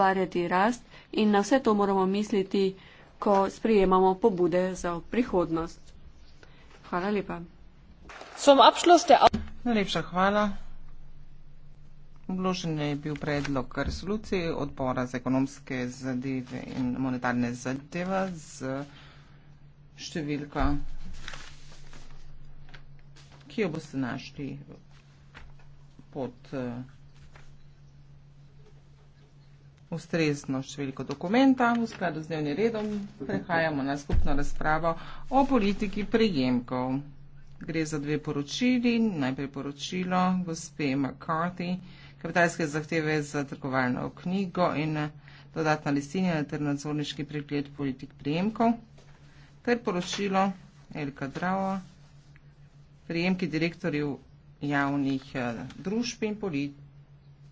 ustvarjati rast in na vse to moramo misliti, ko sprijemamo pobude za prihodnost. Hvala lepa. Najlepša hvala. Vložen je bil predlog resolucije odbora za ekonomske zadeve in monetarne zadeve z številka, ki jo boste našli pod. Uh, ustrezno številko dokumenta. V skladu z dnevnim redom prehajamo na skupno razpravo o politiki prejemkov. Gre za dve poročili. Najprej poročilo gospe McCarthy, kapitalske zahteve za trgovalno knjigo in dodatna listinja ter nadzorniški pregled politik prejemkov. Ter poročilo Elka Drava, prejemki direktorjev javnih eh, družb in politik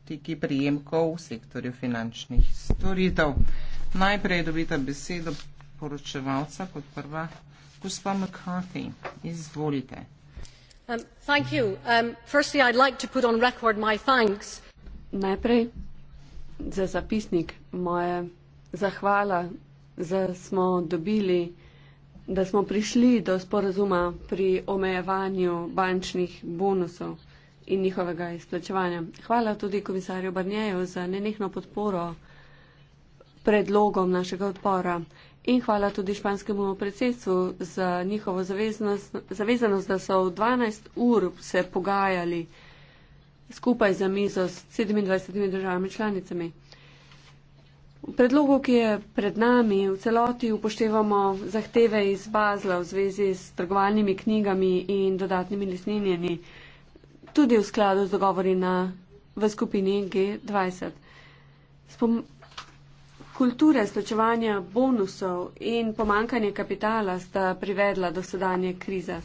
politiki prijemkov v sektorju finančnih storitev. Najprej dobita besedo poročevalca kot prva gospa McCarthy. Izvolite. Um, thank you. Um, firstly, I'd like to put on record my thanks. Najprej za zapisnik moje zahvala, da smo dobili, da smo prišli do sporazuma pri omejevanju bančnih bonusov in njihovega izplačevanja. Hvala tudi komisarju Barnjeju za nenehno podporo predlogom našega odpora in hvala tudi španskemu predsedstvu za njihovo zavezanost, da so v 12 ur se pogajali skupaj za mizo s 27 državami članicami. V predlogu, ki je pred nami, v celoti upoštevamo zahteve iz Bazla v zvezi s trgovalnimi knjigami in dodatnimi lesninjenimi tudi v skladu z dogovori na, v skupini G20. Spom Kulture slučevanja bonusov in pomankanje kapitala sta privedla do sedanje krize.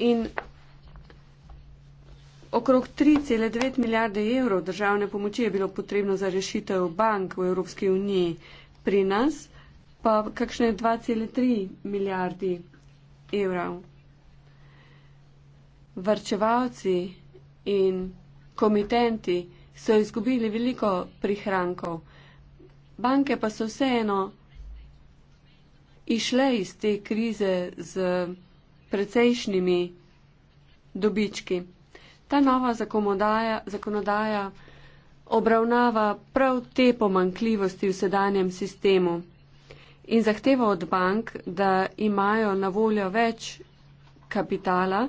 In okrog 3,9 milijarde evrov državne pomoči je bilo potrebno za rešitev bank v Evropski uniji pri nas, pa kakšne 2,3 milijardi evrov. Vrčevalci in komitenti so izgubili veliko prihrankov. Banke pa so vseeno išle iz te krize z precejšnjimi dobički. Ta nova zakonodaja, zakonodaja obravnava prav te pomankljivosti v sedanjem sistemu in zahteva od bank, da imajo na voljo več kapitala,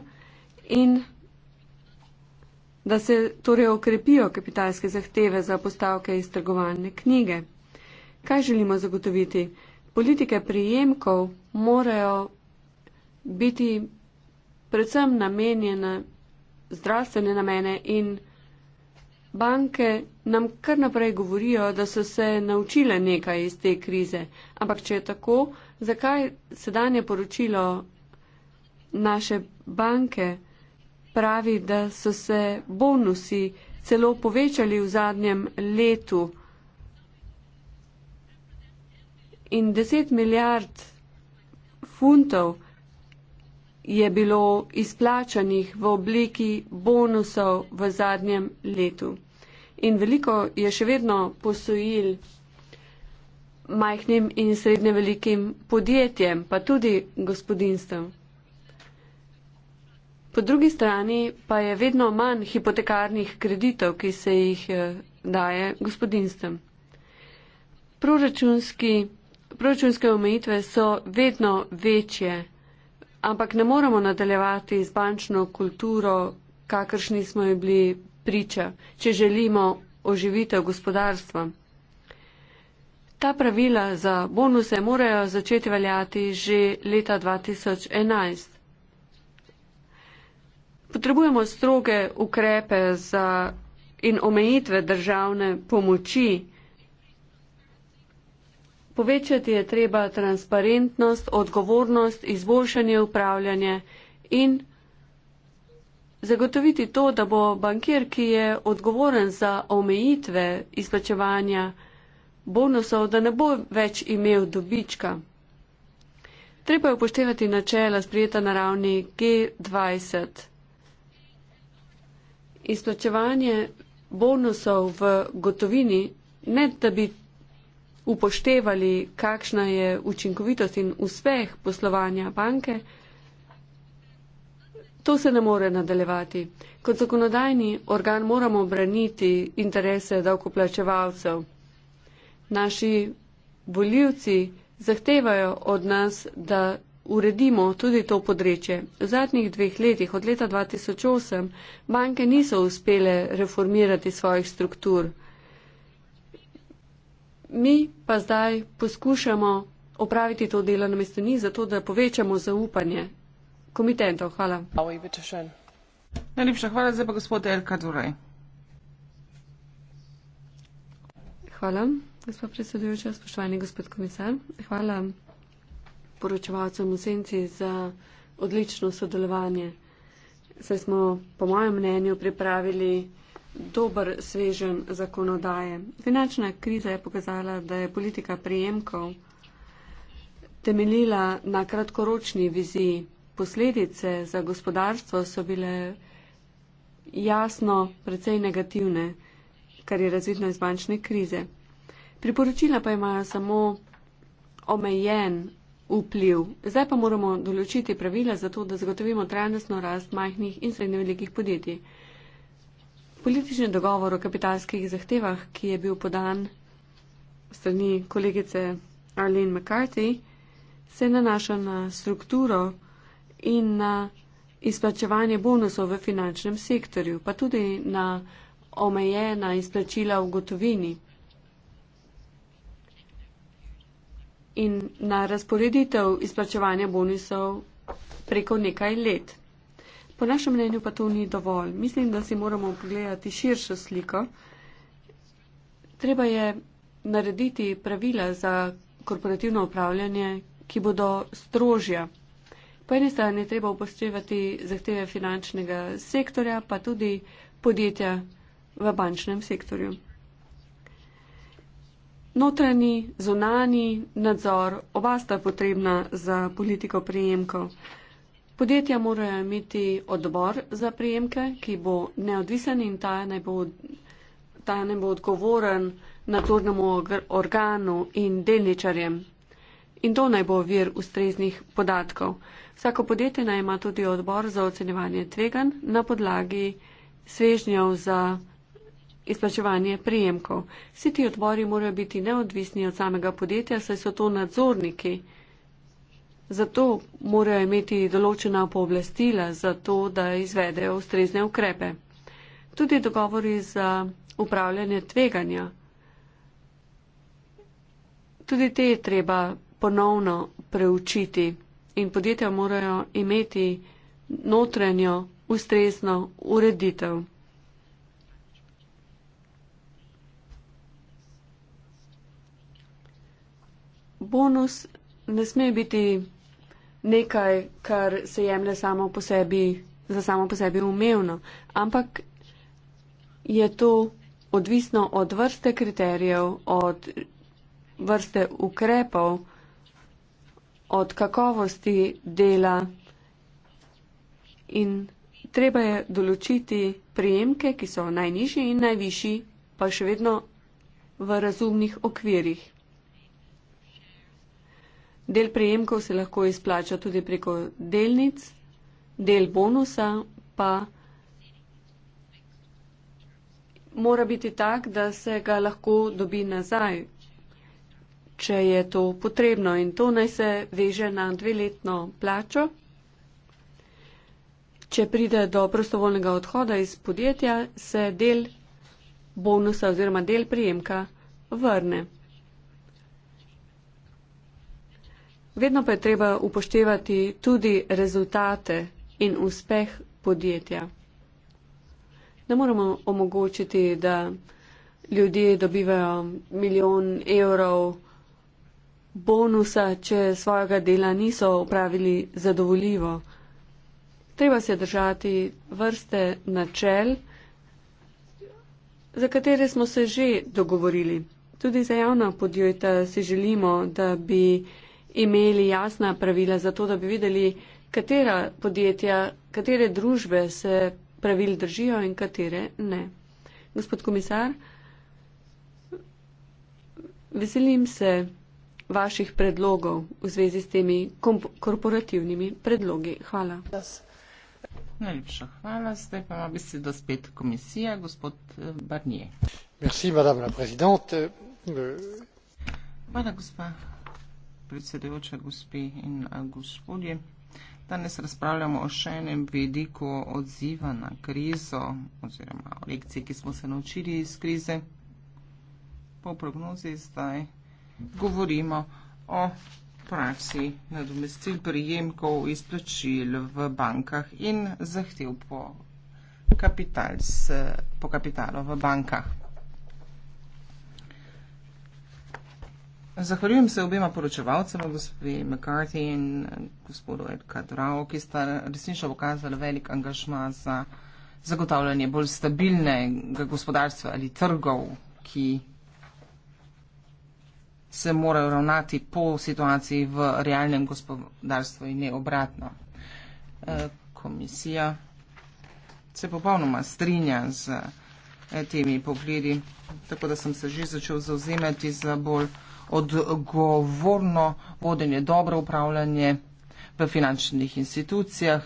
in da se torej okrepijo kapitalske zahteve za postavke iz trgovalne knjige. Kaj želimo zagotoviti? Politike prijemkov morajo biti predvsem namenjene zdravstvene namene in banke nam kar naprej govorijo, da so se naučile nekaj iz te krize. Ampak če je tako, zakaj sedanje poročilo naše banke? pravi, da so se bonusi celo povečali v zadnjem letu. In 10 milijard funtov je bilo izplačanih v obliki bonusov v zadnjem letu. In veliko je še vedno posojil majhnim in srednje velikim podjetjem, pa tudi gospodinstvom. Po drugi strani pa je vedno manj hipotekarnih kreditov, ki se jih eh, daje gospodinstvem. Proračunske omejitve so vedno večje, ampak ne moramo nadaljevati z bančno kulturo, kakršni smo ji bili priča, če želimo oživitev gospodarstva. Ta pravila za bonuse morajo začeti veljati že leta 2011 potrebujemo stroge ukrepe za in omejitve državne pomoči. Povečati je treba transparentnost, odgovornost, izboljšanje upravljanja in zagotoviti to, da bo bankir, ki je odgovoren za omejitve izplačevanja bonusov, da ne bo več imel dobička. Treba je upoštevati načela sprijeta na ravni G20 izplačevanje bonusov v gotovini, ne da bi upoštevali, kakšna je učinkovitost in uspeh poslovanja banke, to se ne more nadaljevati. Kot zakonodajni organ moramo obraniti interese davkoplačevalcev. Naši voljivci zahtevajo od nas, da uredimo tudi to področje. V zadnjih dveh letih, od leta 2008, banke niso uspele reformirati svojih struktur. Mi pa zdaj poskušamo opraviti to delo na mestu ni, zato da povečamo zaupanje komitentov. Hvala. Najlepša hvala, zdaj pa gospod Elka Duraj. Hvala, gospod predsedujoča, spoštovani gospod komisar. Hvala poročevalcem v senci za odlično sodelovanje. Saj smo, po mojem mnenju, pripravili dober svežen zakonodaje. Finančna kriza je pokazala, da je politika prijemkov temeljila na kratkoročni viziji. Posledice za gospodarstvo so bile jasno precej negativne, kar je razvidno iz bančne krize. Priporočila pa imajo samo omejen vpliv. Zdaj pa moramo določiti pravila za to, da zagotovimo trajnostno rast majhnih in srednje velikih podjetij. Politični dogovor o kapitalskih zahtevah, ki je bil podan strani kolegice Arlene McCarthy, se nanaša na strukturo in na izplačevanje bonusov v finančnem sektorju, pa tudi na omejena izplačila v gotovini. in na razporeditev izplačevanja bonusov preko nekaj let. Po našem mnenju pa to ni dovolj. Mislim, da si moramo pogledati širšo sliko. Treba je narediti pravila za korporativno upravljanje, ki bodo strožja. Po eni strani treba upoštevati zahteve finančnega sektorja, pa tudi podjetja v bančnem sektorju. Notranji, zonani nadzor, oba sta potrebna za politiko prejemkov. Podjetja morajo imeti odbor za prejemke, ki bo neodvisen in ta naj bo, ta naj bo odgovoren nadzornemu organu in delničarjem. In to naj bo vir ustreznih podatkov. Vsako podjetje naj ima tudi odbor za ocenjevanje tvegan na podlagi svežnjev za izplačevanje prijemkov. Vsi ti odbori morajo biti neodvisni od samega podjetja, saj so to nadzorniki. Zato morajo imeti določena pooblastila za to, da izvedejo ustrezne ukrepe. Tudi dogovori za upravljanje tveganja. Tudi te je treba ponovno preučiti in podjetja morajo imeti notranjo ustrezno ureditev. bonus ne sme biti nekaj, kar se jemlje samo po sebi, za samo po sebi umevno, ampak je to odvisno od vrste kriterijev, od vrste ukrepov, od kakovosti dela in treba je določiti prijemke, ki so najnižji in najvišji, pa še vedno v razumnih okvirih. Del prejemkov se lahko izplača tudi preko delnic, del bonusa pa mora biti tak, da se ga lahko dobi nazaj, če je to potrebno in to naj se veže na dveletno plačo. Če pride do prostovoljnega odhoda iz podjetja, se del bonusa oziroma del prijemka vrne. Vedno pa je treba upoštevati tudi rezultate in uspeh podjetja. Ne moramo omogočiti, da ljudje dobivajo milijon evrov bonusa, če svojega dela niso upravili zadovoljivo. Treba se držati vrste načel, za katere smo se že dogovorili. Tudi za javna podjetja si želimo, da bi imeli jasna pravila za to, da bi videli, katera podjetja, katere družbe se pravil držijo in katere ne. Gospod komisar, veselim se vaših predlogov v zvezi s temi korporativnimi predlogi. Hvala. Najlepša hvala. Zdaj pa ima besedo spet komisija, gospod eh, Barnier. Merci, madame la présidente. Hvala, gospa predsedujoča, gospe in eh, gospodje. Danes razpravljamo o še enem vidiku odziva na krizo oziroma o lekciji, ki smo se naučili iz krize. Po prognozi zdaj govorimo o praksi nadomestil prijemkov izplačil v bankah in zahtev po, kapital s, po kapitalu v bankah. Zahvaljujem se obema poročevalcema, gospodi McCarthy in eh, gospodu Edka Drau, ki sta resnično pokazali velik angažma za zagotavljanje bolj stabilnega gospodarstva ali trgov, ki se morajo ravnati po situaciji v realnem gospodarstvu in ne obratno. Eh, komisija se popolnoma strinja z eh, temi pogledi, tako da sem se že začel zauzemati za bolj odgovorno vodenje, dobro upravljanje v finančnih institucijah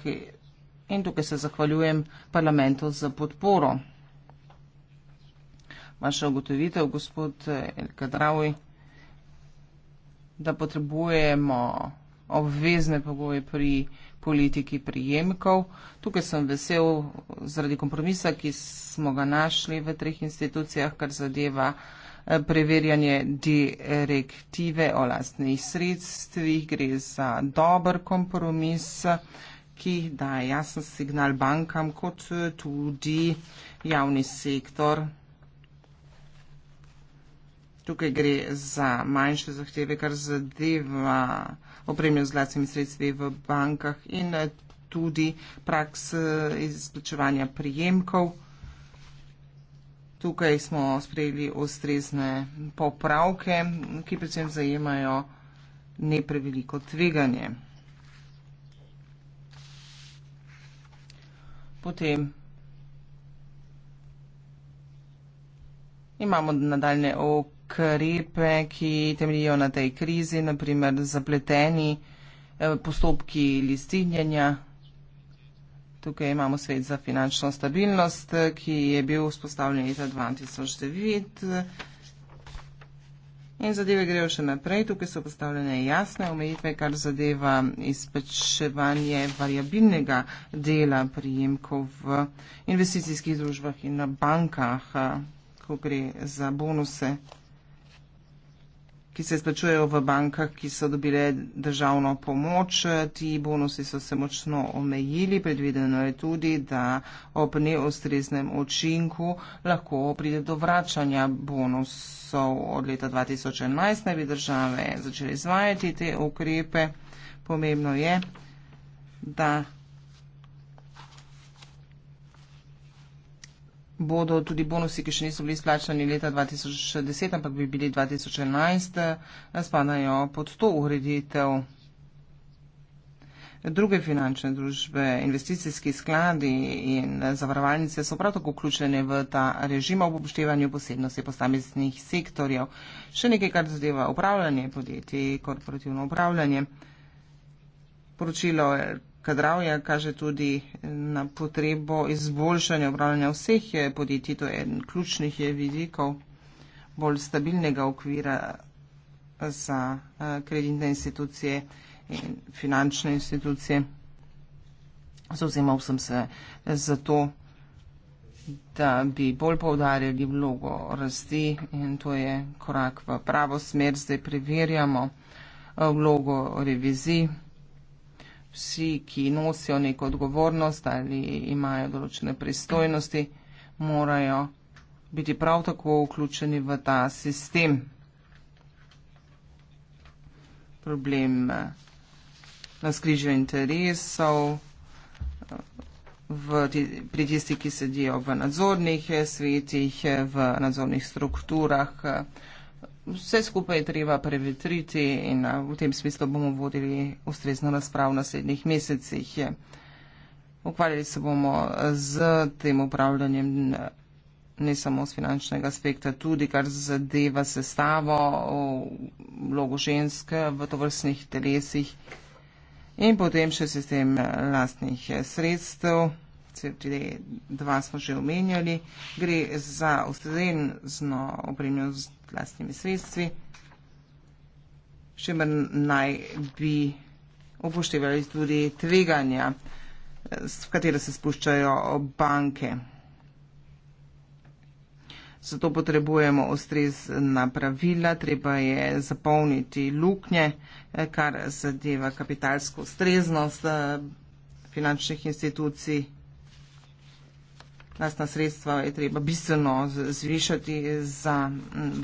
in tukaj se zahvaljujem parlamentu za podporo. Vaša ugotovitev, gospod Elkadravi, da potrebujemo obvezne pogoje pri politiki prijemkov. Tukaj sem vesel zaradi kompromisa, ki smo ga našli v treh institucijah, kar zadeva Eh, preverjanje direktive o lastnih sredstvih. Gre za dober kompromis, ki daje jasen signal bankam kot eh, tudi javni sektor. Tukaj gre za manjše zahteve, kar zadeva opremljanje z vlastnimi sredstvi v bankah in eh, tudi praks izplačevanja prijemkov. Tukaj smo sprejeli ustrezne popravke, ki predvsem zajemajo nepreveliko tveganje. Potem imamo nadaljne okrepe, ki temeljijo na tej krizi, naprimer zapleteni eh, postopki listinjanja Tukaj imamo svet za finančno stabilnost, ki je bil vzpostavljen leta 2009. In zadeve grejo še naprej. Tukaj so postavljene jasne omejitve, kar zadeva izpečevanje variabilnega dela prijemkov v investicijskih družbah in na bankah, ko gre za bonuse ki se izplačujejo v bankah, ki so dobile državno pomoč. Ti bonusi so se močno omejili. Predvideno je tudi, da ob neostreznem očinku lahko pride do vračanja bonusov. Od leta 2011 naj bi države začele izvajati te ukrepe. Pomembno je, da bodo tudi bonusi, ki še niso bili splačani leta 2010, ampak bi bili 2011, spadajo pod to ureditev. Druge finančne družbe, investicijski skladi in zavarovalnice so prav tako vključene v ta režim ob upoštevanju posebnosti posameznih sektorjev. Še nekaj, kar zadeva upravljanje podjetij, korporativno upravljanje. Poročilo kadravja kaže tudi na potrebo izboljšanja upravljanja vseh podjetij. To je eden ključnih vidikov bolj stabilnega okvira eh, za eh, kreditne institucije in finančne institucije. Zauzemal sem se za to, da bi bolj povdarjali vlogo rasti in to je korak v pravo smer. Zdaj preverjamo eh, vlogo revizij vsi, ki nosijo neko odgovornost ali imajo določene pristojnosti, morajo biti prav tako vključeni v ta sistem. Problem naskrižja eh, interesov eh, v, pri tistih, ki sedijo v nadzornih eh, svetih, v nadzornih strukturah, Vse skupaj je treba prevetriti in eh, v tem smislu bomo vodili ustrezno razprav v naslednjih mesecih. Ukvarjali se bomo eh, z tem upravljanjem eh, ne samo z finančnega aspekta, tudi kar zadeva sestavo, vlogo ženske v tovrstnih telesih in potem še sistem lastnih sredstev. CFD2 smo že omenjali, gre za ustrezno opremljenost vlastnimi sredstvi, še manj naj bi upoštevali tudi tveganja, v katere se spuščajo banke. Zato potrebujemo ustrezna pravila, treba je zapolniti luknje, kar zadeva kapitalsko ustreznost eh, finančnih institucij lastna sredstva je treba bistveno zvišati za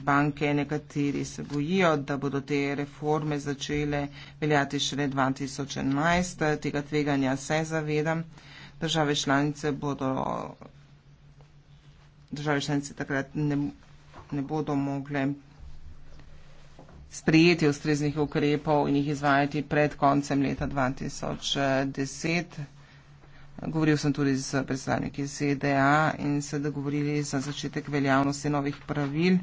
banke. Nekateri se bojijo, da bodo te reforme začele veljati šele 2011. Tega tveganja se zavedam. Države članice bodo. Države članice takrat ne, ne bodo mogle sprijeti ustreznih ukrepov in jih izvajati pred koncem leta 2010. Govoril sem tudi z predstavniki ZDA in seveda govorili za začetek veljavnosti novih pravil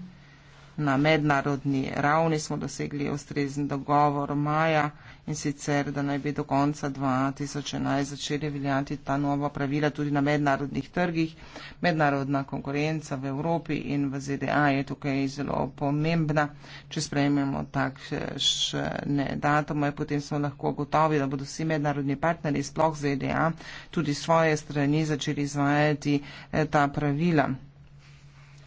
na mednarodni ravni smo dosegli ustrezen dogovor maja in sicer, da naj bi do konca 2011 začeli veljati ta nova pravila tudi na mednarodnih trgih. Mednarodna konkurenca v Evropi in v ZDA je tukaj zelo pomembna. Če sprejmemo takšne datume, potem smo lahko gotovi, da bodo vsi mednarodni partnerji, sploh ZDA, tudi svoje strani začeli izvajati eh, ta pravila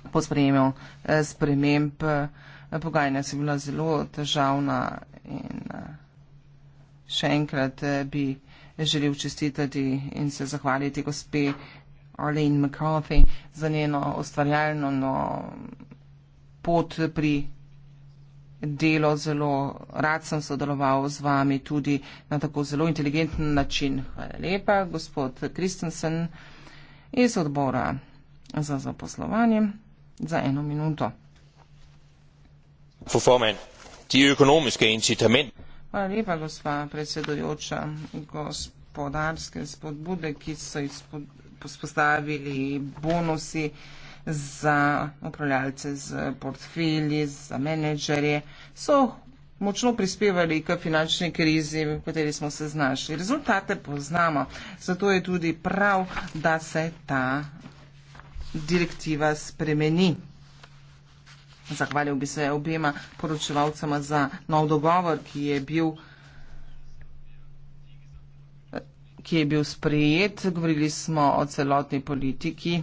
po sprejemu eh, sprememb eh, pogajanja so bila zelo težavna in eh, še enkrat bi želel čestitati in se zahvaliti gospe Arlene McCarthy za njeno ustvarjalno no, pot pri delo zelo. Rad sem sodeloval z vami tudi na tako zelo inteligenten način. Hvala lepa, gospod Kristensen iz odbora za zaposlovanje za eno minuto. Hvala lepa, gospa predsedujoča. Gospodarske spodbude, ki so jih spostavili bonusi za upravljalce z portfelji, za menedžerje, so močno prispevali k finančni krizi, v kateri smo se znašli. Rezultate poznamo, zato je tudi prav, da se ta direktiva spremeni. Zahvalil bi se obema poročevalcama za nov dogovor, ki je bil ki je bil sprejet. Govorili smo o celotni politiki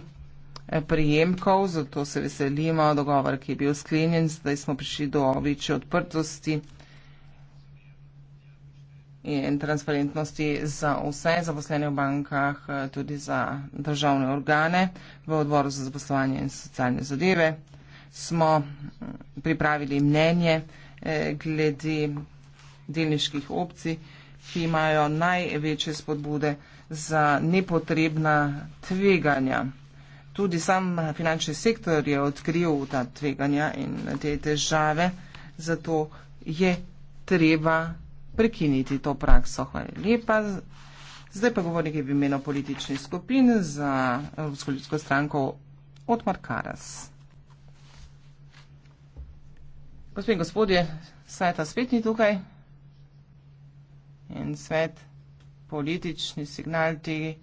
eh, prijemkov, zato se veselimo dogovor, ki je bil sklenjen. Zdaj smo prišli do večje odprtosti in transparentnosti za vse zaposlene v bankah, eh, tudi za državne organe v odboru za zaposlovanje in socialne zadeve. Smo mm, pripravili mnenje eh, glede delniških opcij, ki imajo največje spodbude za nepotrebna tveganja. Tudi sam finančni sektor je odkril ta tveganja in te težave, zato je treba prekiniti to prakso. Hvala lepa. Zdaj pa govornik je v imenu politični skupin za Evropsko ljudsko stranko Otmar Karas. Gospod in gospodje, saj ta svet ni tukaj in svet, politični signal tega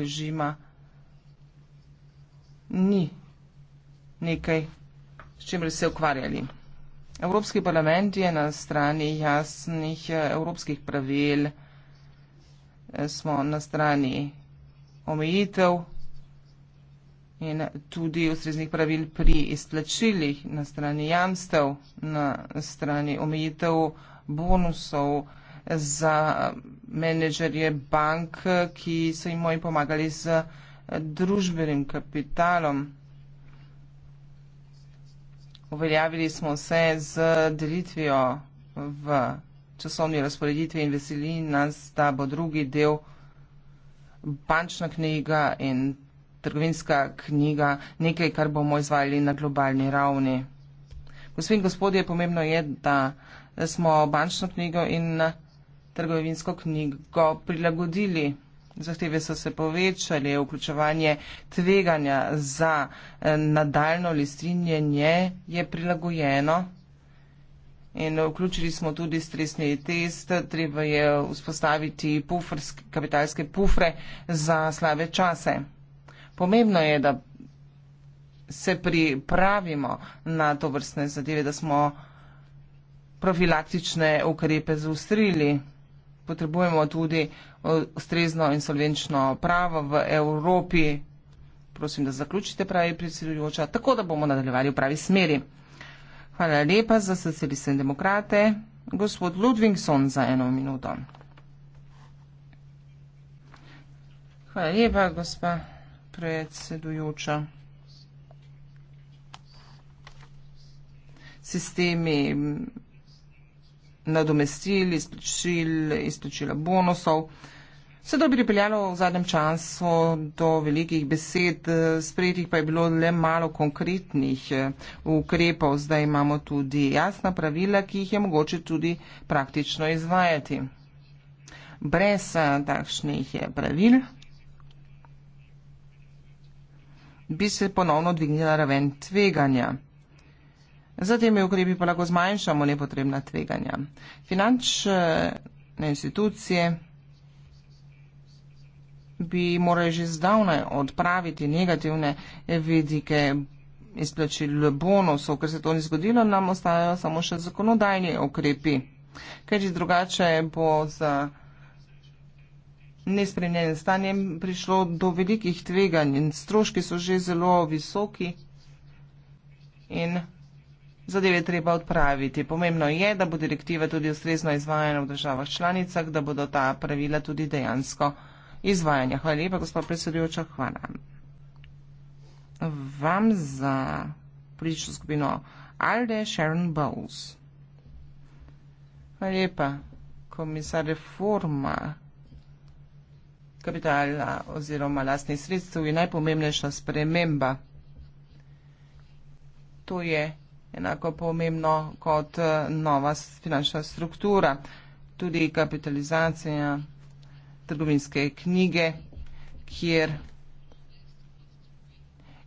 režima ni nekaj, s čimer se ukvarjali. Evropski parlament je na strani jasnih eh, evropskih pravil, eh, smo na strani omejitev in tudi ustreznih pravil pri izplačilih, na strani jamstev, na strani omejitev bonusov za menedžerje bank, eh, ki so jim moji pomagali z družbenim kapitalom uveljavili smo se z delitvijo v časovni razporeditvi in veseli nas, da bo drugi del bančna knjiga in trgovinska knjiga nekaj, kar bomo izvajali na globalni ravni. Gospod in gospodje, pomembno je, da smo bančno knjigo in trgovinsko knjigo prilagodili. Zahteve so se povečali, vključevanje tveganja za eh, nadaljno listrinjenje je prilagojeno. In vključili smo tudi stresni test, treba je vzpostaviti pufrske, kapitalske pufre za slave čase. Pomembno je, da se pripravimo na to vrstne zadeve, da smo profilaktične ukrepe zaustrili potrebujemo tudi eh, ustrezno insolvenčno pravo v Evropi. Prosim, da zaključite pravi predsedujoča, tako da bomo nadaljevali v pravi smeri. Hvala lepa za socialiste in demokrate. Gospod Ludvingson za eno minuto. Hvala lepa, gospa predsedujoča. Sistemi nadomestil, izplačil, izplačila bonusov. Vse to bi pripeljalo v zadnjem času do velikih besed, sprejetih pa je bilo le malo konkretnih eh, ukrepov. Zdaj imamo tudi jasna pravila, ki jih je mogoče tudi praktično izvajati. Brez eh, takšnih eh, pravil bi se ponovno dvignila raven tveganja. Z temi ukrepi pa lahko zmanjšamo nepotrebna tveganja. Finančne institucije bi morali že zdavnaj odpraviti negativne vidike izplačil bonusov, ker se to ni zgodilo, nam ostajajo samo še zakonodajni ukrepi, ker že drugače bo za nespremljenim stanjem prišlo do velikih tveganj in stroški so že zelo visoki in Zadeve je treba odpraviti. Pomembno je, da bo direktiva tudi ustrezno izvajana v državah članicah, da bodo ta pravila tudi dejansko izvajanja. Hvala lepa, gospod predsedujoča. Hvala vam za politično skupino Alde Sharon Bowles. Hvala lepa, komisar reforma kapitala oziroma lastnih sredstev je najpomembnejša sprememba. To je enako pomembno kot eh, nova finančna struktura, tudi kapitalizacija trgovinske knjige, kjer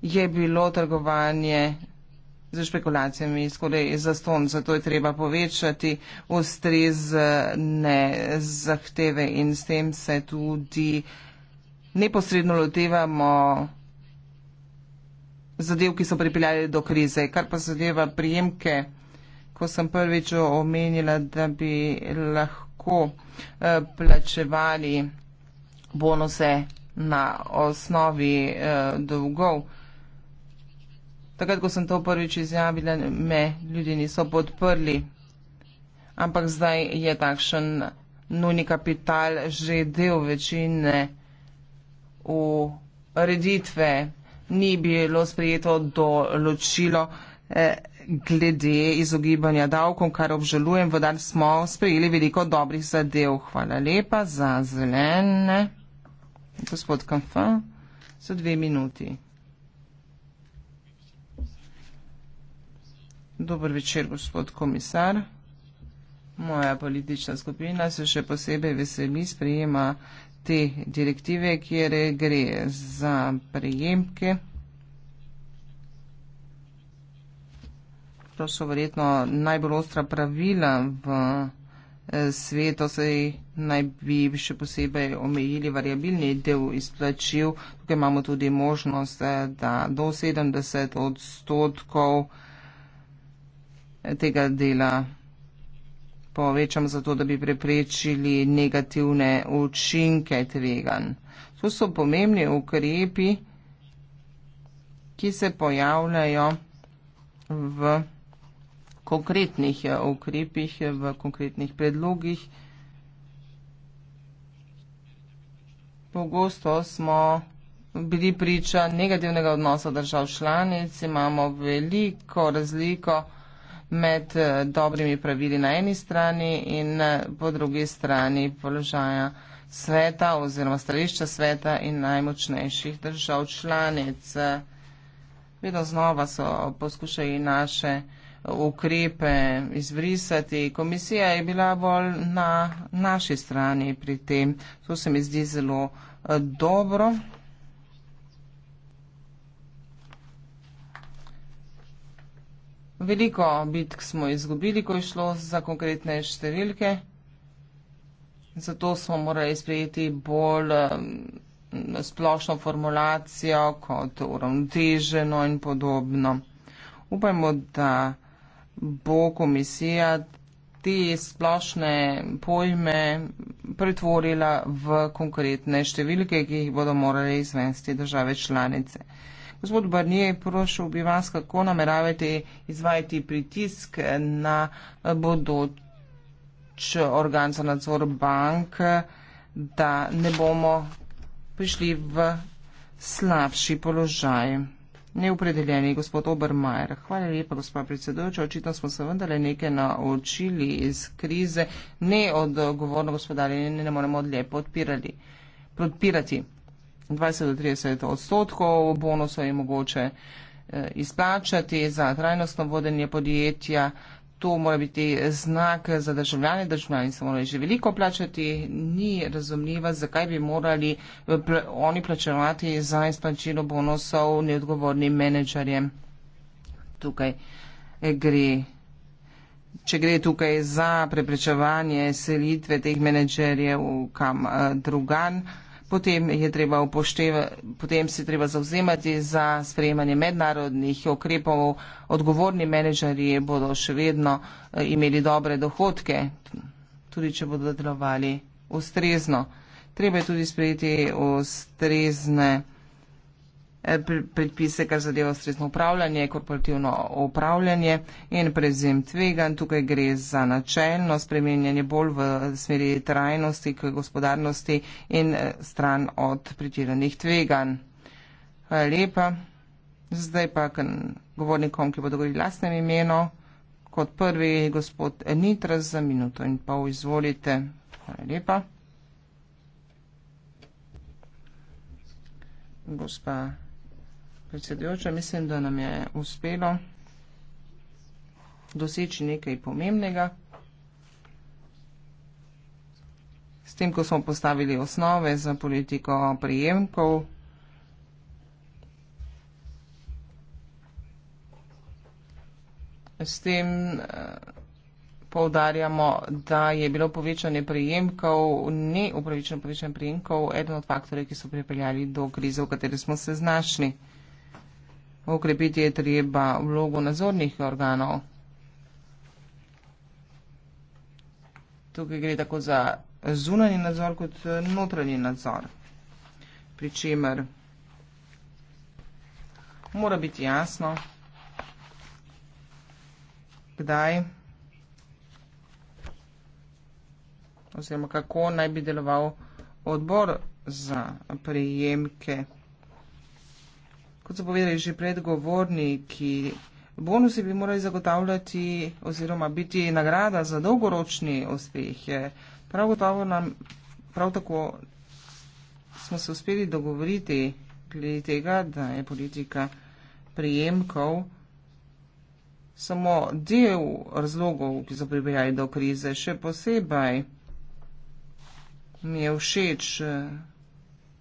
je bilo trgovanje z špekulacijami skoraj za ston, zato je treba povečati ustrezne zahteve in s tem se tudi neposredno lotevamo zadev, ki so pripeljali do krize. Kar pa zadeva prijemke, ko sem prvič omenila, da bi lahko eh, plačevali bonuse na osnovi eh, dolgov. Takrat, ko sem to prvič izjavila, me ljudje niso podprli. Ampak zdaj je takšen nujni kapital že del večine ureditve ni bilo sprejeto določilo eh, glede izogibanja davkom, kar obžalujem, vendar smo sprejeli veliko dobrih zadev. Hvala lepa za zelene. Gospod Kafa, so dve minuti. Dobro večer, gospod komisar. Moja politična skupina se še posebej veseli sprejema te direktive, kjer gre za prejemke. To so verjetno najbolj ostra pravila v eh, svetu, saj naj bi še posebej omejili variabilni del izplačil. Tukaj imamo tudi možnost, eh, da do 70 odstotkov tega dela povečamo zato, da bi preprečili negativne učinke tvegan. To so pomembni ukrepi, ki se pojavljajo v konkretnih eh, ukrepih, eh, v konkretnih predlogih. Pogosto smo bili priča negativnega odnosa držav članic, imamo veliko razliko med eh, dobrimi pravili na eni strani in eh, po drugi strani položaja sveta oziroma stališča sveta in najmočnejših držav članic. Vedno znova so poskušali naše ukrepe izbrisati. Komisija je bila bolj na naši strani pri tem. To se mi zdi zelo eh, dobro. Veliko bitk smo izgubili, ko je šlo za konkretne številke, zato smo morali sprejeti bolj um, splošno formulacijo kot uravnoteženo in podobno. Upajmo, da bo komisija te splošne pojme pretvorila v konkretne številke, ki jih bodo morali izvesti države članice. Gospod Barnier, prošel bi vas, kako nameravate izvajati pritisk na bodoč organ za nadzor bank, da ne bomo prišli v slabši položaj. Neupredeljeni gospod Obermajer. Hvala lepa, gospod predsedujoča. Očitno smo se vendarle nekaj naučili iz krize. Ne odgovorno gospodarjenje ne moremo odlepo podpirati. 20 do 30 odstotkov bonusov je mogoče eh, izplačati za trajnostno vodenje podjetja. To mora biti znak za državljane. Državljani se morajo že veliko plačati. Ni razumljiva, zakaj bi morali eh, oni plačevati za izplačilo bonusov neodgovornim menedžerjem. Tukaj eh, gre. Če gre tukaj za preprečevanje selitve teh menedžerjev kam drugan potem je treba upoštevati, potem se treba zauzemati za sprejemanje mednarodnih okrepov. Odgovorni menedžerji bodo še vedno eh, imeli dobre dohodke, tudi če bodo delovali ustrezno. Treba je tudi sprejeti ustrezne. Eh, predpise, kar zadeva ustrezno upravljanje, korporativno upravljanje in prevzem tvegan. Tukaj gre za načelno spremenjanje bolj v smeri trajnosti, k gospodarnosti in eh, stran od pritiranih tvegan. Hvala lepa. Zdaj pa k govornikom, ki bodo govorili lastnem imenu. Kot prvi je gospod Nitra za minuto in pol. Izvolite. Hvala lepa. Gospa predsedujoča, mislim, da nam je uspelo doseči nekaj pomembnega. S tem, ko smo postavili osnove za politiko prijemkov, s tem eh, povdarjamo, da je bilo povečanje prijemkov, neupravičeno povečanje prijemkov, eden od faktorjev, ki so pripeljali do krize, v kateri smo se znašli. Okrepiti je treba vlogo nadzornih organov. Tukaj gre tako za zunanji nadzor kot notranji nadzor. Pričemer mora biti jasno, kdaj oziroma kako naj bi deloval odbor za prejemke kot so povedali že predgovorniki, bonusi bi morali zagotavljati oziroma biti nagrada za dolgoročni uspeh. Prav gotovo nam, prav tako smo se uspeli dogovoriti glede tega, da je politika prijemkov samo del razlogov, ki so pribejali do krize. Še posebej mi je všeč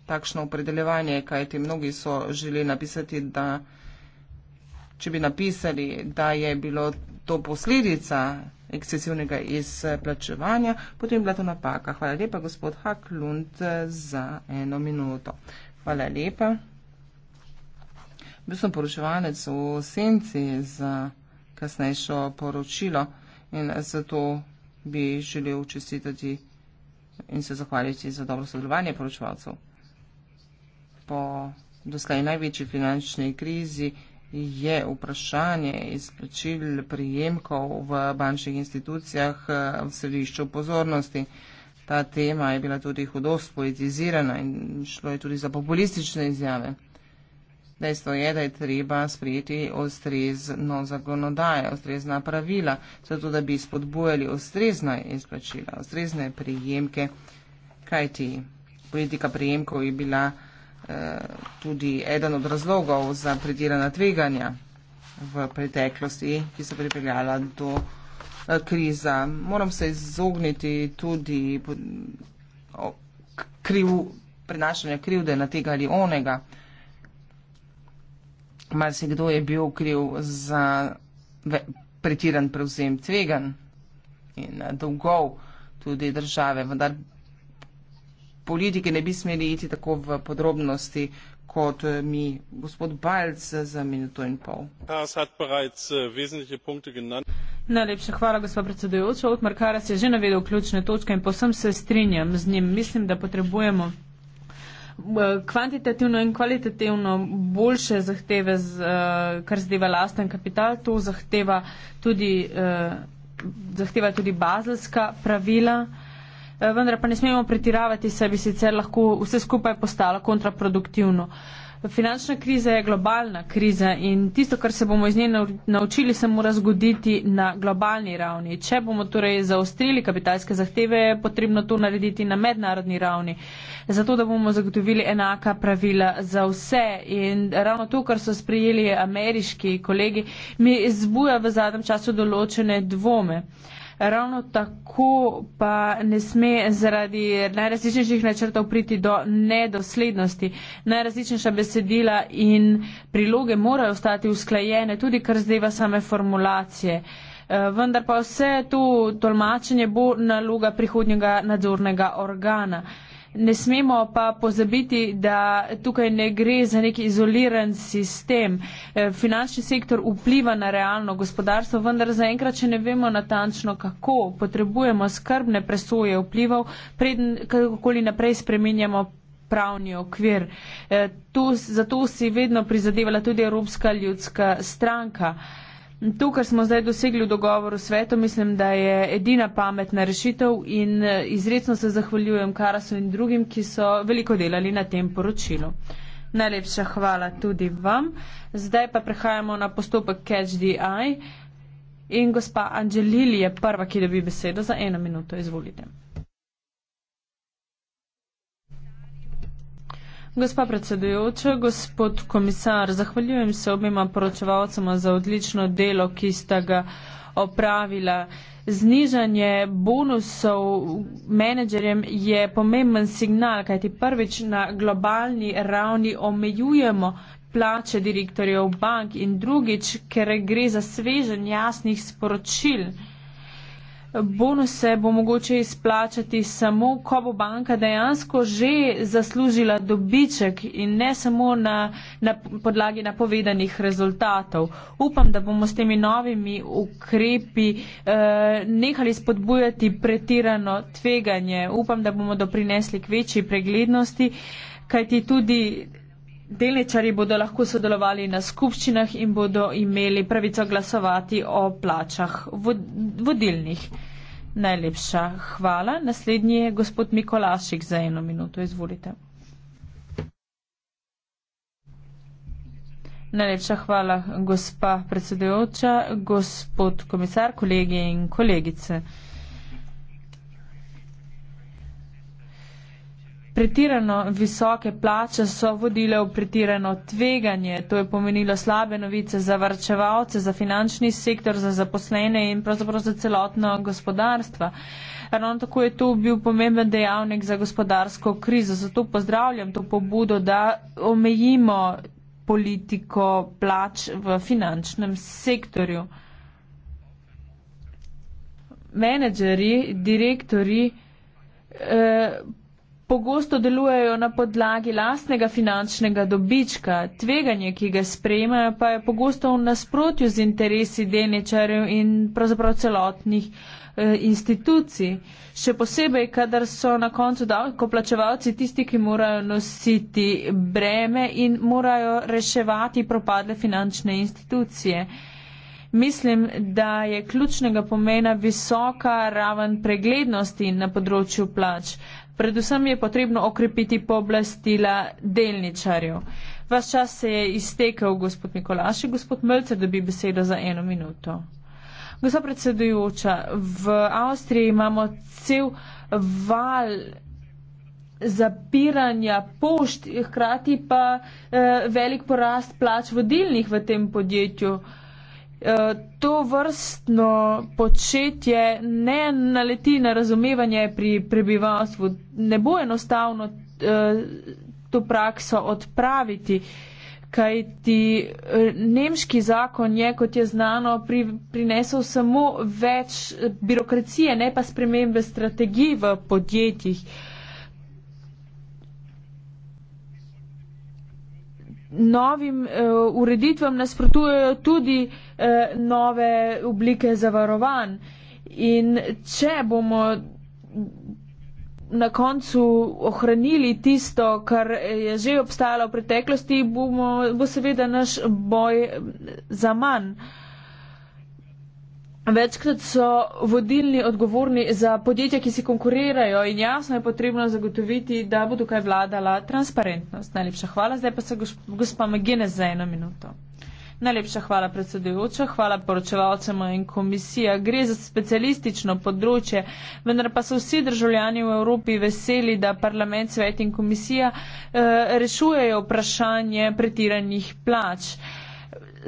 takšno opredeljevanje, kajti mnogi so želeli napisati, da če bi napisali, da je bilo to posledica ekscesivnega izplačevanja, potem bi bila to napaka. Hvala lepa, gospod Haklund, za eno minuto. Hvala lepa. Bil sem poročevalec v senci za kasnejšo poročilo in zato bi želel čestitati in se zahvaliti za dobro sodelovanje poročevalcev po doslej največji finančni krizi je vprašanje izplačil prijemkov v bančnih institucijah eh, v središču pozornosti. Ta tema je bila tudi hudo spolitizirana in šlo je tudi za populistične izjave. Dejstvo je, da je treba sprejeti ustrezno zakonodajo, ustrezna pravila, zato da bi spodbujali ustrezna izplačila, ustrezne prijemke, kajti politika prijemkov je bila. Eh, tudi eden od razlogov za predirana tveganja v preteklosti, ki so pripeljala do eh, kriza. Moram se izogniti tudi kriv, prenašanja krivde na tega ali onega. Mar se kdo je bil kriv za pretiran prevzem tvegan in eh, dolgov tudi države, vendar politiki ne bi smeli iti tako v podrobnosti kot eh, mi. Gospod Balc, za minuto in pol. Eh, Najlepša hvala, gospod predsedujoč. Otmar Karas je že navedel ključne točke in posem se strinjam z njim. Mislim, da potrebujemo eh, kvantitativno in kvalitativno boljše zahteve, z, kar zadeva lasten kapital. To zahteva tudi, zahteva tudi bazelska pravila vendar pa ne smemo pretiravati, saj bi sicer lahko vse skupaj postalo kontraproduktivno. Finančna kriza je globalna kriza in tisto, kar se bomo iz nje naučili, se mora zgoditi na globalni ravni. Če bomo torej zaostrili kapitalske zahteve, je potrebno to narediti na mednarodni ravni, zato da bomo zagotovili enaka pravila za vse. In ravno to, kar so sprijeli ameriški kolegi, mi zbuja v zadnjem času določene dvome. Uh, ravno tako pa ne sme zaradi najrazličnejših načrtov priti do nedoslednosti. Najrazličnejša besedila in priloge morajo ostati usklajene, tudi kar zdeva same formulacije. Eh, vendar pa vse to tolmačenje bo naloga prihodnjega nadzornega organa. Ne smemo pa pozabiti, da tukaj ne gre za nek izoliran sistem. E, finančni sektor vpliva na realno gospodarstvo, vendar zaenkrat, če ne vemo natančno, kako potrebujemo skrbne presoje vplivov, preden kakokoli naprej spreminjamo pravni okvir. E, to, zato si vedno prizadevala tudi Evropska ljudska stranka. To, kar smo zdaj dosegli v dogovoru s svetom, mislim, da je edina pametna rešitev in eh, izredno se zahvaljujem Karasu in drugim, ki so veliko delali na tem poročilu. Najlepša hvala tudi vam. Zdaj pa prehajamo na postopek Catch the Eye. In gospa Angelili je prva, ki dobi besedo za eno minuto. Izvolite. Gospa predsedujoča, gospod komisar, zahvaljujem se obima poročevalcema za odlično delo, ki sta ga opravila. Znižanje bonusov menedžerjem je pomemben signal, kajti prvič na globalni ravni omejujemo plače direktorjev bank in drugič, ker gre za svežen jasnih sporočil bonuse bo mogoče izplačati samo, ko bo banka dejansko že zaslužila dobiček in ne samo na, na podlagi napovedanih rezultatov. Upam, da bomo s temi novimi ukrepi eh, nehali spodbujati pretirano tveganje. Upam, da bomo doprinesli k večji preglednosti, kajti tudi Delničari bodo lahko sodelovali na skupščinah in bodo imeli pravico glasovati o plačah vodilnih. Najlepša hvala. Naslednji je gospod Mikolašik za eno minuto. Izvolite. Najlepša hvala, gospa predsedujoča, gospod komisar, kolegi in kolegice. pretirano visoke plače so vodile v pretirano tveganje. To je pomenilo slabe novice za varčevalce, za finančni sektor, za zaposlene in pravzaprav za celotno gospodarstvo. Ravno tako je to bil pomemben dejavnik za gospodarsko krizo. Zato pozdravljam to pobudo, da omejimo politiko plač v finančnem sektorju. Menedžeri, direktori, eh, pogosto delujejo na podlagi lastnega finančnega dobička, tveganje, ki ga sprejemajo, pa je pogosto v nasprotju z interesi delničarjev in pravzaprav celotnih eh, institucij. Še posebej, kadar so na koncu davkoplačevalci tisti, ki morajo nositi breme in morajo reševati propadle finančne institucije. Mislim, da je ključnega pomena visoka raven preglednosti na področju plač. Predvsem je potrebno okrepiti pooblastila delničarjev. Vaš čas se je iztekel, gospod Mikolaši. Gospod Mölcer dobi besedo za eno minuto. Gospod predsedujoča, v Avstriji imamo cel val zapiranja pošt, hkrati pa eh, velik porast plač vodilnih v tem podjetju. Eh, Eh, to vrstno početje ne naleti na razumevanje pri prebivalstvu. Ne bo enostavno eh, to prakso odpraviti, kaj ti eh, nemški zakon je, kot je znano, pri, prinesel samo več birokracije, ne pa spremembe strategij v podjetjih. Uh, novim uh, ureditvam nasprotujejo tudi uh, nove oblike zavarovanj. In če bomo na koncu ohranili tisto, kar je že obstajalo v preteklosti, bomo, bo seveda naš boj eh, za manj. Uh, Večkrat so vodilni odgovorni za podjetja, ki si konkurirajo in jasno je potrebno zagotoviti, da bo tukaj vladala transparentnost. Najlepša hvala. Zdaj pa se gospa McGuinness za eno minuto. Najlepša hvala predsedujoča, hvala poročevalcema in komisija. Gre za specialistično področje, vendar pa so vsi državljani v Evropi veseli, da parlament, svet in komisija eh, rešujejo vprašanje pretiranih plač. Eh,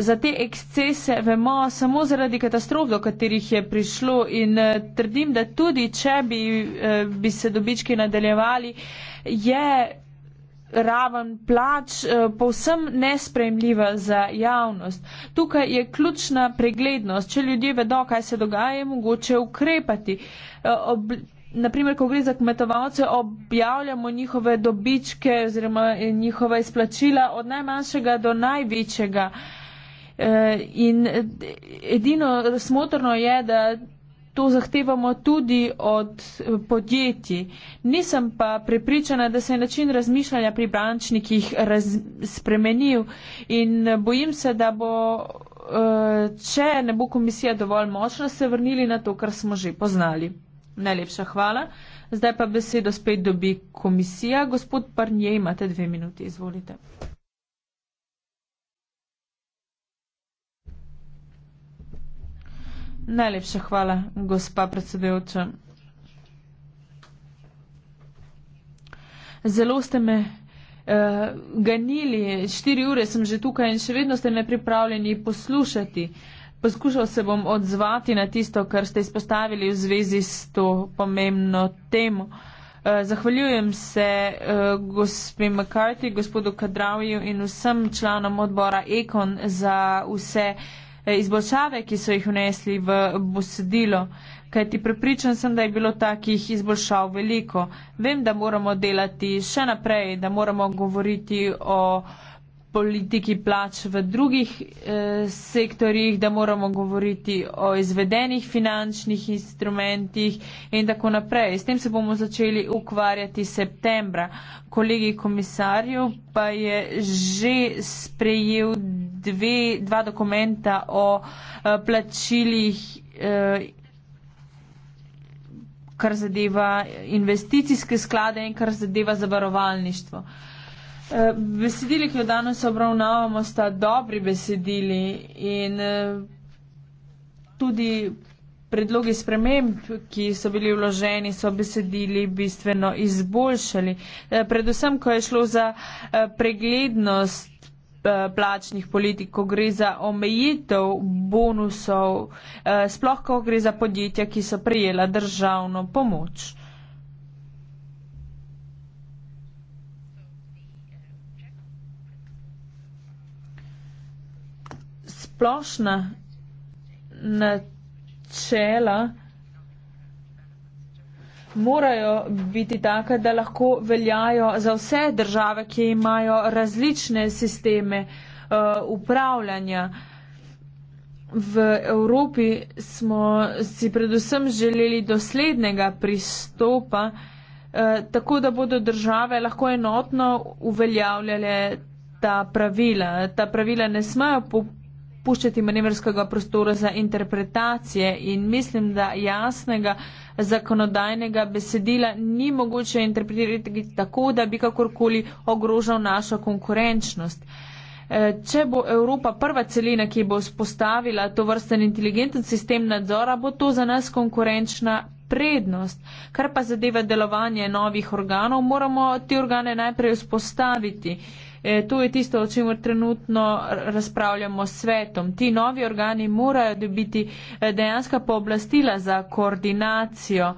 za te ekscese vemo samo zaradi katastrof, do katerih je prišlo in eh, trdim, da tudi če bi, eh, bi se dobički nadaljevali, je raven plač eh, povsem nespremljiva za javnost. Tukaj je ključna preglednost, če ljudje vedo, kaj se dogaja, je mogoče ukrepati. Ob Naprimer, ko gre za kmetovalce, objavljamo njihove dobičke oziroma njihova izplačila od najmanjšega do največjega. Uh, Eh, in edino smotrno je, da to zahtevamo tudi od eh, podjetij. Nisem pa prepričana, da se je način razmišljanja pri bančnikih raz, spremenil in bojim se, da bo, eh, če ne bo komisija dovolj močna, se vrnili na to, kar smo že poznali. Najlepša hvala. Zdaj pa besedo spet dobi komisija. Gospod Parnje, imate dve minuti, izvolite. Najlepša hvala, gospa predsedujoča. Zelo ste me uh, ganili, štiri ure sem že tukaj in še vedno ste me pripravljeni poslušati. Poskušal se bom odzvati na tisto, kar ste izpostavili v zvezi s to pomembno temo. Eh, zahvaljujem se eh, gospe McCarthy, gospodu Kadravju in vsem članom odbora Ekon za vse. Eh, izboljšave, ki so jih vnesli v besedilo, kajti prepričan sem, da je bilo takih izboljšav veliko. Vem, da moramo delati še naprej, da moramo govoriti o politiki plač v drugih eh, sektorjih, da moramo govoriti o izvedenih finančnih instrumentih in tako naprej. S tem se bomo začeli ukvarjati septembra. Kolegi komisarju pa je že sprejel dve, dva dokumenta o eh, plačilih, eh, kar zadeva investicijske sklade in kar zadeva zavarovalništvo. Eh, Eh, besedili, ki jo danes obravnavamo, sta dobri besedili in eh, tudi predlogi sprememb, ki so bili vloženi, so besedili bistveno izboljšali. Eh, predvsem, ko je šlo za preglednost plačnih politik, ko gre za omejitev bonusov, sploh ko gre za podjetja, ki so prijela državno pomoč. splošna načela morajo biti taka, da lahko veljajo za vse države, ki imajo različne sisteme uh, upravljanja. V Evropi smo si predvsem želeli doslednega pristopa, eh, tako da bodo države lahko enotno uveljavljale ta pravila. Ta pravila ne smejo puščati manevrskega prostora za interpretacije in mislim, da jasnega zakonodajnega besedila ni mogoče interpretirati tako, da bi kakorkoli ogrožal našo konkurenčnost. E, če bo Evropa prva celina, ki bo spostavila to vrsten inteligenten sistem nadzora, bo to za nas konkurenčna prednost. Kar pa zadeva delovanje novih organov, moramo te organe najprej spostaviti. E, to je tisto, o čemer trenutno razpravljamo s svetom. Ti novi organi morajo dobiti e, dejanska pooblastila za koordinacijo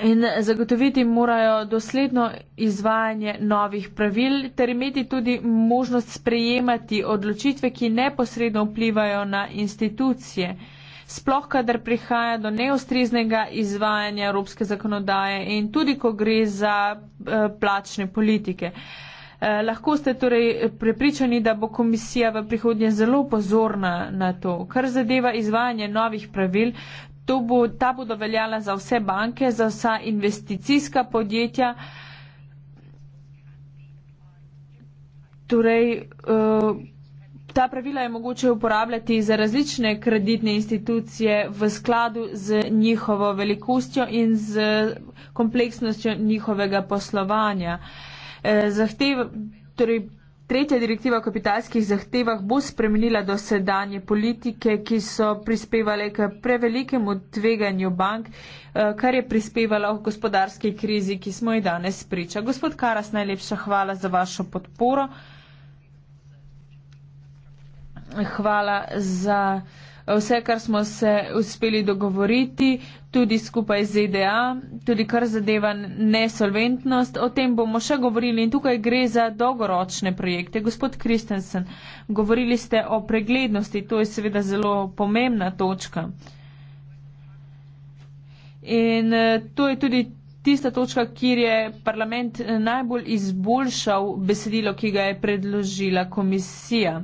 in zagotoviti morajo dosledno izvajanje novih pravil ter imeti tudi možnost sprejemati odločitve, ki neposredno vplivajo na institucije. Sploh, kadar prihaja do neustreznega izvajanja evropske zakonodaje in tudi, ko gre za uh, plačne politike. Uh, Eh, lahko ste torej prepričani, da bo komisija v prihodnje zelo pozorna na to, kar zadeva izvajanje novih pravil. Bo, ta bodo veljala za vse banke, za vsa investicijska podjetja. Torej, eh, ta pravila je mogoče uporabljati za različne kreditne institucije v skladu z njihovo velikostjo in z kompleksnostjo njihovega poslovanja. Uh, Eh, zahtev, torej tretja direktiva o kapitalskih zahtevah bo spremenila dosedanje politike, ki so prispevale k prevelikemu tveganju bank, eh, kar je prispevalo v gospodarski krizi, ki smo jo danes priča. Gospod Karas, najlepša hvala za vašo podporo. Hvala za vse, kar smo se uspeli dogovoriti, tudi skupaj z ZDA, tudi kar zadeva nesolventnost. O tem bomo še govorili in tukaj gre za dolgoročne projekte. Gospod Kristensen, govorili ste o preglednosti, to je seveda zelo pomembna točka. In eh, to je tudi tista točka, kjer je parlament eh, najbolj izboljšal besedilo, ki ga je predložila komisija.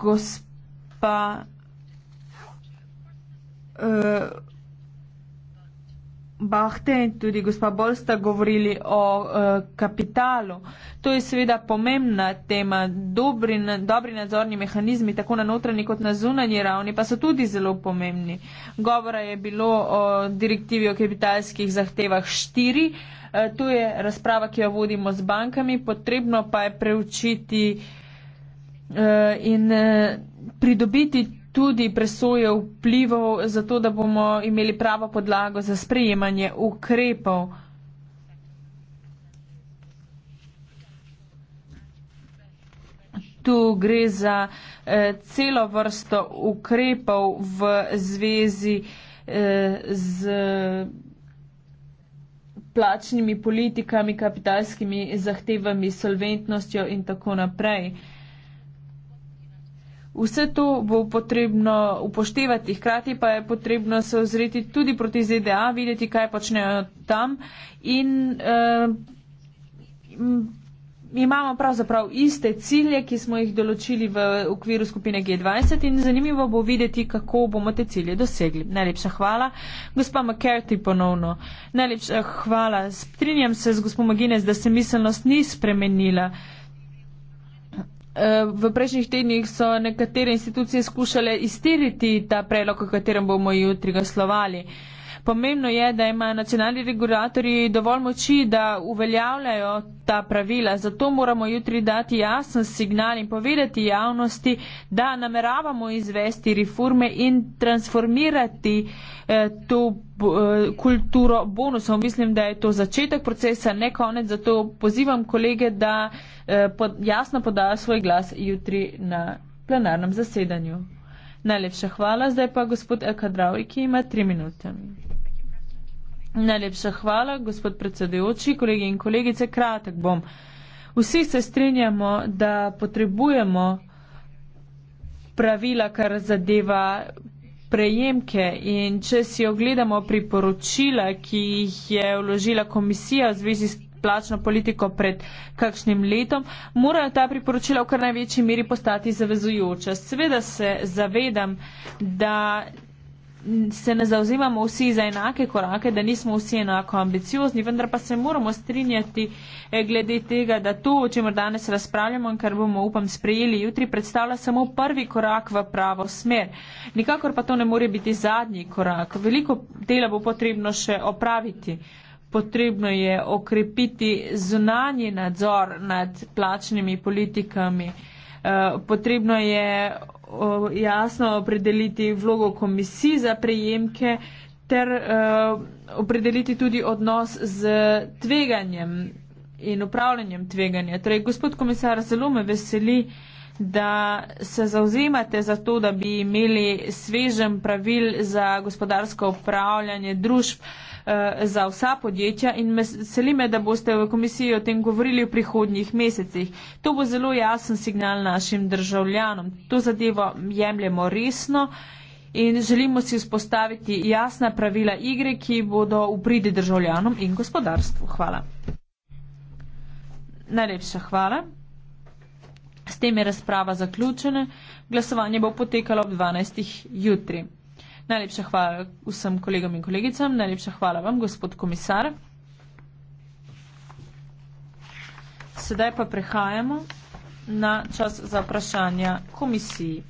Gospod pa uh, Bahte in tudi gospa Bolsta govorili o uh, kapitalu. To je seveda pomembna tema. Dobri, dobri nadzorni mehanizmi, tako na notranji kot na zunanji ravni, pa so tudi zelo pomembni. Govora je bilo o direktivi o kapitalskih zahtevah 4. Eh, to je razprava, ki jo vodimo z bankami, potrebno pa je preučiti uh, in uh, pridobiti tudi presojo vplivov, zato da bomo imeli pravo podlago za sprejemanje ukrepov. Tu gre za eh, celo vrsto ukrepov v zvezi eh, z plačnimi politikami, kapitalskimi zahtevami, solventnostjo in tako naprej. Eh, Vse to bo potrebno upoštevati, hkrati pa je potrebno se ozreti tudi proti ZDA, videti, kaj počnejo tam. In uh, imamo pravzaprav iste cilje, ki smo jih določili v okviru skupine G20 in zanimivo bo videti, kako bomo te cilje dosegli. Najlepša hvala. Gospa McCarthy ponovno. Najlepša hvala. Strinjam se z gospod Magines, da se miselnost ni spremenila. Uh, Eh, v prejšnjih tednih so nekatere institucije skušale iztiriti ta predlog, o katerem bomo jutri glasovali. Pomembno je, da imajo nacionalni regulatori dovolj moči, da uveljavljajo ta pravila. Zato moramo jutri dati jasen signal in povedati javnosti, da nameravamo izvesti reforme in transformirati eh, to Eh, kulturo bonusov. Mislim, da je to začetek procesa, ne konec, zato pozivam kolege, da eh, jasno podajo svoj glas jutri na plenarnem zasedanju. Najlepša hvala. Zdaj pa gospod Elkadravi, ki ima tri minute. Najlepša hvala, gospod predsedujoči, kolegi in kolegice, kratek bom. Vsi se strinjamo, da potrebujemo pravila, kar zadeva prejemke in če si ogledamo priporočila, ki jih je vložila komisija v zvezi s plačno politiko pred kakšnim letom, morajo ta priporočila v kar največji meri postati zavezujoča. Seveda se zavedam, da se ne zauzimamo vsi za enake korake, da nismo vsi enako ambiciozni, vendar pa se moramo strinjati eh, glede tega, da to, o čemer danes razpravljamo in kar bomo, upam, sprejeli jutri, predstavlja samo prvi korak v pravo smer. Nikakor pa to ne more biti zadnji korak. Veliko dela bo potrebno še opraviti. Potrebno je okrepiti zunanji nadzor nad plačnimi politikami. Eh, potrebno je jasno opredeliti vlogo komisij za prejemke ter eh, opredeliti tudi odnos z tveganjem in upravljanjem tveganja. Torej, gospod komisar, zelo me veseli, da se zauzemate za to, da bi imeli svežen pravil za gospodarsko upravljanje družb. Uh, Eh, za vsa podjetja in me selime, da boste v komisiji o tem govorili v prihodnjih mesecih. To bo zelo jasen signal našim državljanom. To zadevo jemljemo resno. In želimo si vzpostaviti jasna pravila igre, ki bodo v pridi državljanom in gospodarstvu. Hvala. Najlepša hvala. S tem je razprava zaključena. Glasovanje bo potekalo ob 12.00 jutri. Najlepša hvala vsem kolegom in kolegicam, najlepša hvala vam, gospod komisar. Sedaj pa prehajamo na čas za vprašanja komisiji.